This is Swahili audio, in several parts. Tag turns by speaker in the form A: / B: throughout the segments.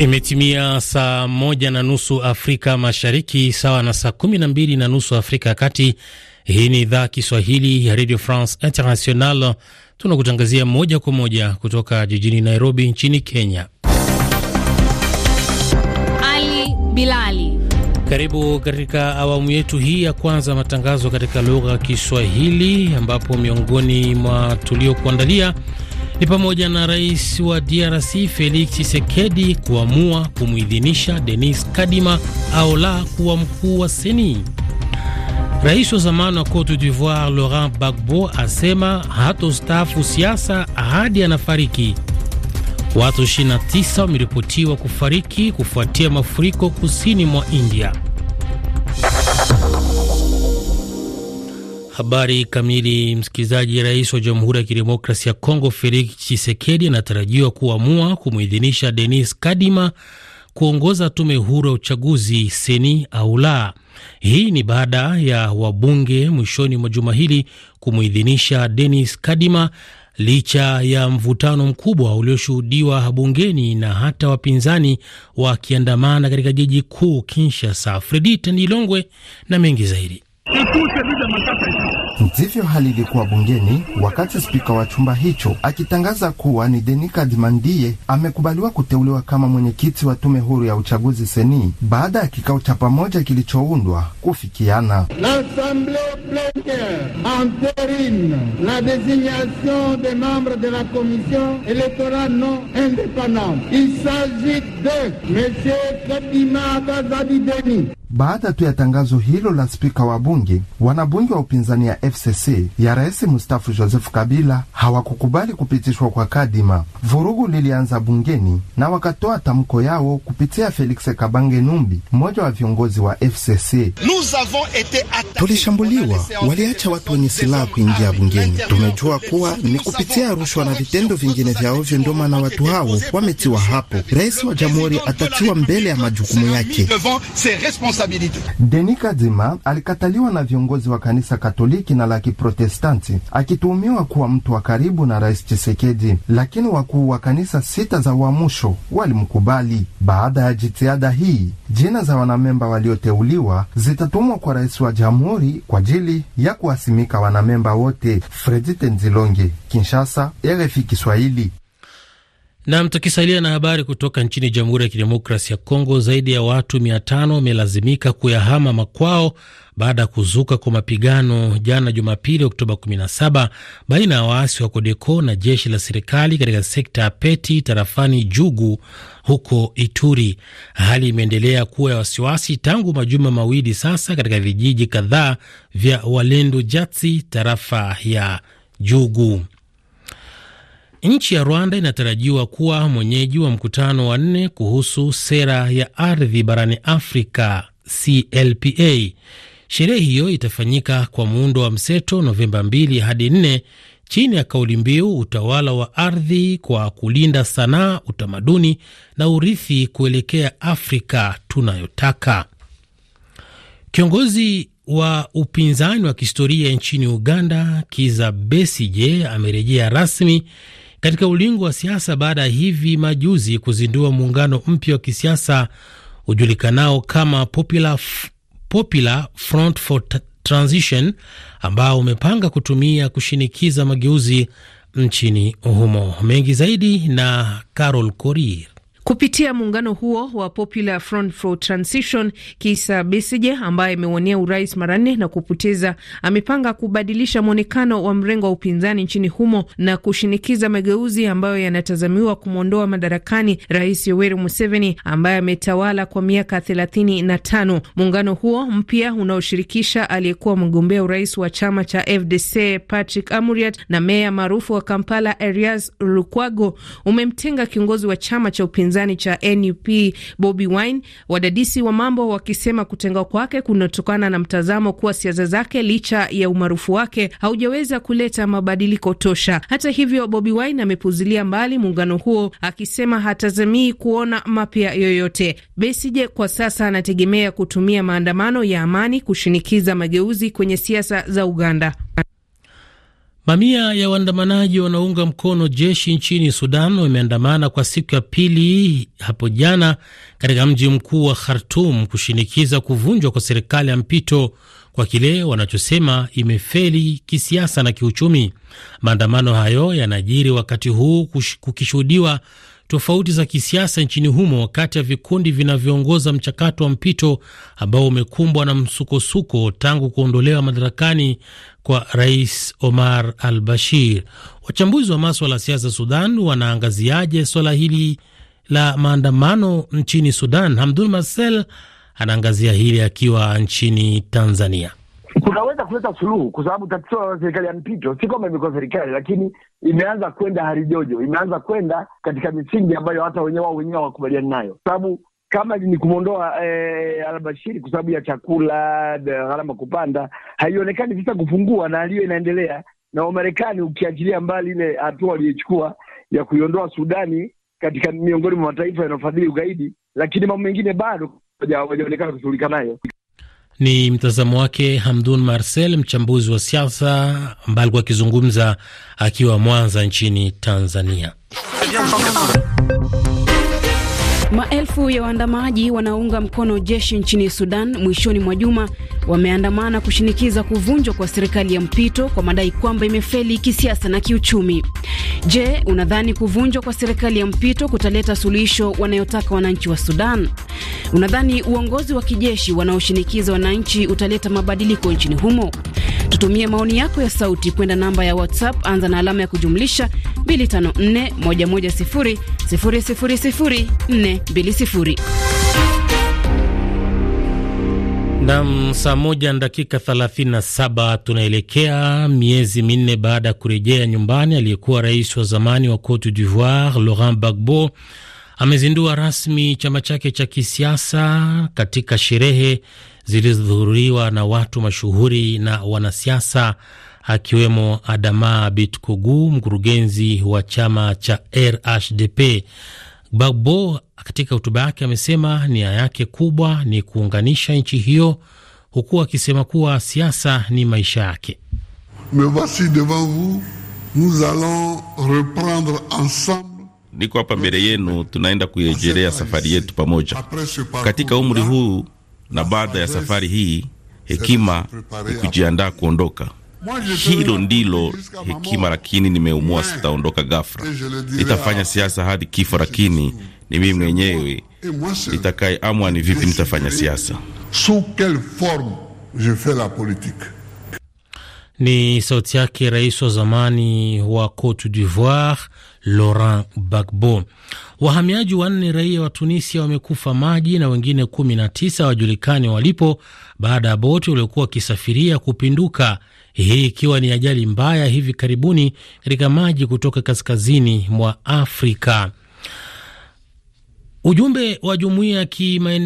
A: Imetimia saa moja na nusu Afrika Mashariki, sawa na saa kumi na mbili na nusu Afrika ya Kati. Hii ni idhaa Kiswahili ya Radio France International, tunakutangazia moja kwa moja kutoka jijini Nairobi nchini Kenya. Ali Bilali, karibu katika awamu yetu hii ya kwanza, matangazo katika lugha ya Kiswahili, ambapo miongoni mwa tuliokuandalia ni pamoja na rais wa DRC Felix Tshisekedi kuamua kumwidhinisha Denis Kadima au la kuwa mkuu wa seni. Rais wa zamani wa Cote d'Ivoire Laurent Gbagbo asema hatostaafu siasa hadi anafariki. Watu 29 wameripotiwa kufariki kufuatia mafuriko kusini mwa India. Habari kamili, msikilizaji. Rais wa Jamhuri ya Kidemokrasi ya Kongo Felix chisekedi anatarajiwa kuamua kumwidhinisha Denis Kadima kuongoza tume huru ya uchaguzi seni au la. Hii ni baada ya wabunge mwishoni mwa juma hili kumwidhinisha Denis Kadima licha ya mvutano mkubwa ulioshuhudiwa bungeni na hata wapinzani wakiandamana katika jiji kuu Kinshasa. Fredi Tendilongwe na mengi zaidi
B: Ndivyo hali ilikuwa bungeni wakati spika wa chumba hicho akitangaza kuwa ni Denika Dimandie amekubaliwa kuteuliwa kama mwenyekiti wa tume huru ya uchaguzi seni baada ya kikao cha pamoja kilichoundwa kufikiana la membres de la non Il s'agit de M. Kadima baada tu ya tangazo hilo la spika wa bunge, wanabunge wa upinzani ya FCC ya rais mustafu Joseph Kabila hawakukubali kupitishwa kwa kadima. Vurugu lilianza bungeni na wakatoa tamko yao kupitia Felix Kabange Numbi, mmoja wa viongozi wa FCC. Tulishambuliwa, waliacha watu wenye silaha kuingia bungeni. Tumejua kuwa ni kupitia rushwa na vitendo vingine vya ovyo, ndio maana watu hao wametiwa hapo. Rais wa jamhuri atatiwa mbele ya majukumu yake responsabilite. Denis Kadima alikataliwa na viongozi wa kanisa Katoliki na la Kiprotestanti akituhumiwa kuwa mtu wa karibu na Rais Chisekedi, lakini wakuu wa kanisa sita za uamusho walimkubali. Baada ya jitihada hii, jina za wanamemba walioteuliwa zitatumwa kwa rais wa jamhuri kwa ajili ya kuwasimika wanamemba wote. Fredi Tenzilonge, Kinshasa, RFI Kiswahili.
A: Nam, tukisalia na habari kutoka nchini Jamhuri ya Kidemokrasi ya Kongo, zaidi ya watu mia tano wamelazimika kuyahama makwao baada ya kuzuka kwa mapigano jana Jumapili, Oktoba 17 baina ya waasi wa Kodeko na jeshi la serikali katika sekta ya Peti tarafani Jugu huko Ituri. Hali imeendelea kuwa ya wasiwasi tangu majuma mawili sasa katika vijiji kadhaa vya Walendu Jatsi tarafa ya Jugu. Nchi ya Rwanda inatarajiwa kuwa mwenyeji wa mkutano wa nne kuhusu sera ya ardhi barani Afrika, CLPA. Sherehe hiyo itafanyika kwa muundo wa mseto Novemba 2 hadi 4 chini ya kauli mbiu utawala wa ardhi kwa kulinda sanaa, utamaduni na urithi kuelekea Afrika tunayotaka. Kiongozi wa upinzani wa kihistoria nchini Uganda Kiza Besije amerejea rasmi katika ulingo wa siasa baada ya hivi majuzi kuzindua muungano mpya wa kisiasa ujulikanao kama Popular, Popular Front for Transition ambao umepanga kutumia kushinikiza mageuzi nchini humo. Mengi zaidi na Carol Korir
C: kupitia muungano huo wa Popular Front for Transition. Kisa Besije ambaye amewania urais mara nne na kupoteza, amepanga kubadilisha mwonekano wa mrengo wa upinzani nchini humo na kushinikiza mageuzi ambayo yanatazamiwa kumwondoa madarakani Rais Yoweri Museveni ambaye ametawala kwa miaka thelathini na tano. Muungano huo mpya unaoshirikisha aliyekuwa mgombea urais wa chama cha FDC Patrick Amuriat na meya maarufu wa Kampala Erias Lukwago umemtenga kiongozi wa chama cha upinzani upinzani cha NUP Bobi Wine, wadadisi wa mambo wakisema kutengwa kwake kunatokana na mtazamo kuwa siasa zake licha ya umaarufu wake haujaweza kuleta mabadiliko tosha. Hata hivyo, Bobi Wine amepuzilia mbali muungano huo akisema hatazamii kuona mapya yoyote. Besije kwa sasa anategemea kutumia maandamano ya amani kushinikiza mageuzi kwenye siasa za Uganda.
A: Mamia ya waandamanaji wanaounga mkono jeshi nchini Sudan wameandamana kwa siku ya pili hapo jana katika mji mkuu wa Khartum kushinikiza kuvunjwa kwa serikali ya mpito kwa kile wanachosema imefeli kisiasa na kiuchumi. Maandamano hayo yanajiri wakati huu kukishuhudiwa tofauti za kisiasa nchini humo kati ya vikundi vinavyoongoza mchakato wa mpito ambao umekumbwa na msukosuko tangu kuondolewa madarakani kwa Rais Omar al Bashir. Wachambuzi wa maswala ya siasa Sudan wanaangaziaje swala hili la maandamano nchini Sudan? Hamdul Marcel anaangazia hili akiwa nchini Tanzania
B: tunaweza kuleta suluhu, kwa sababu tatizo la serikali ya mpito si kwamba imekuwa serikali, lakini imeanza kwenda harijojo, imeanza kwenda katika misingi ambayo hata wenyewe wao wenyewe hawakubaliani nayo, kwa sababu kama ni kumwondoa eh, Albashiri kwa sababu ya chakula, gharama kupanda, haionekani sasa kufungua, na hiyo inaendelea na Wamarekani, ukiachilia mbali ile hatua waliyochukua ya kuiondoa Sudani katika miongoni mwa mataifa yanayofadhili ugaidi, lakini mambo mengine bado hawajaonekana kushughulika nayo.
A: Ni mtazamo wake Hamdun Marcel, mchambuzi wa siasa, ambaye alikuwa akizungumza akiwa Mwanza nchini Tanzania.
C: Maelfu ya waandamaji wanaounga mkono jeshi nchini Sudan mwishoni mwa juma wameandamana kushinikiza kuvunjwa kwa serikali ya mpito kwa madai kwamba imefeli kisiasa na kiuchumi. Je, unadhani kuvunjwa kwa serikali ya mpito kutaleta suluhisho wanayotaka wananchi wa Sudan? Unadhani uongozi wa kijeshi wanaoshinikiza wananchi utaleta mabadiliko nchini humo? Tutumie maoni yako ya sauti kwenda namba ya WhatsApp, anza na alama ya kujumlisha 254110000420.
A: Nam, saa moja na dakika 37, tunaelekea miezi minne baada ya kurejea nyumbani aliyekuwa rais wa zamani wa Cote d'Ivoire Laurent Gbagbo amezindua rasmi chama chake cha kisiasa katika sherehe zilizohudhuriwa na watu mashuhuri na wanasiasa akiwemo Adama Bitkogu, mkurugenzi wa chama cha RHDP. Gbagbo katika hotuba yake amesema nia yake kubwa ni kuunganisha nchi hiyo, huku akisema kuwa siasa ni maisha yake. Me voici devant vous nous allons reprendre ensemble
B: niko hapa mbele yenu, tunaenda kuirejelea safari yetu pamoja katika umri huu, na baada ya safari hii hekima ni kujiandaa kuondoka. Hilo ndilo hekima, lakini nimeumua, sitaondoka ghafla. Nitafanya siasa hadi kifo, lakini ni mimi mwenyewe nitakaye amwa ni vipi nitafanya siasa.
A: Ni sauti yake rais wa zamani wa Cote d'Ivoire Laurent bagbo Wahamiaji wanne raia wa Tunisia wamekufa maji na wengine kumi na tisa wajulikani walipo baada ya boti waliokuwa wakisafiria kupinduka, hii ikiwa ni ajali mbaya hivi karibuni katika maji kutoka kaskazini mwa Afrika. Ujumbe wa jumuiya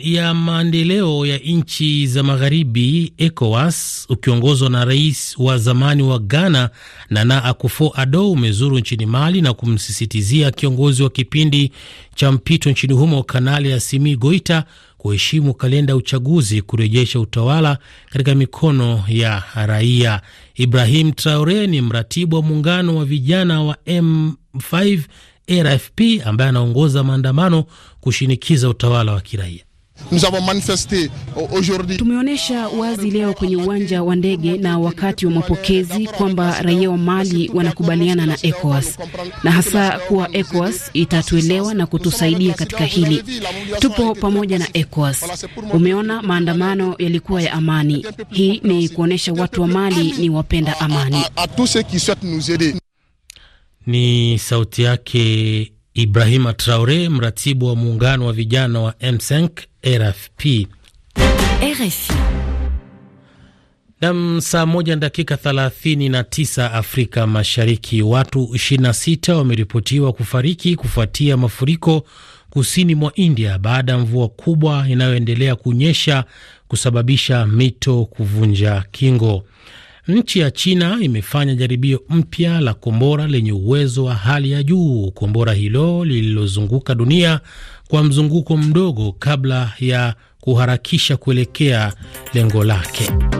A: ya maendeleo ya nchi za magharibi ECOWAS ukiongozwa na rais wa zamani wa Ghana Nana Akufo-Addo umezuru nchini Mali na kumsisitizia kiongozi wa kipindi cha mpito nchini humo Kanali Assimi Goita kuheshimu kalenda ya uchaguzi, kurejesha utawala katika mikono ya raia. Ibrahim Traore ni mratibu wa muungano wa vijana wa M5 RFP ambaye anaongoza maandamano kushinikiza utawala wa kiraia.
C: Tumeonyesha wazi leo kwenye uwanja wa ndege na wakati wa mapokezi kwamba raia wa Mali wanakubaliana na ECOWAS na hasa kuwa ECOWAS itatuelewa na kutusaidia katika hili. Tupo pamoja na ECOWAS. Umeona, maandamano yalikuwa ya amani. Hii ni kuonyesha watu wa Mali ni wapenda amani.
A: Ni sauti yake Ibrahima Traore, mratibu wa muungano wa vijana wa msenk RFP. RFI nam. Saa moja na dakika 39 Afrika Mashariki. Watu 26 wameripotiwa kufariki kufuatia mafuriko kusini mwa India baada ya mvua kubwa inayoendelea kunyesha kusababisha mito kuvunja kingo. Nchi ya China imefanya jaribio mpya la kombora lenye uwezo wa hali ya juu, kombora hilo lililozunguka dunia kwa mzunguko mdogo kabla ya kuharakisha kuelekea lengo lake.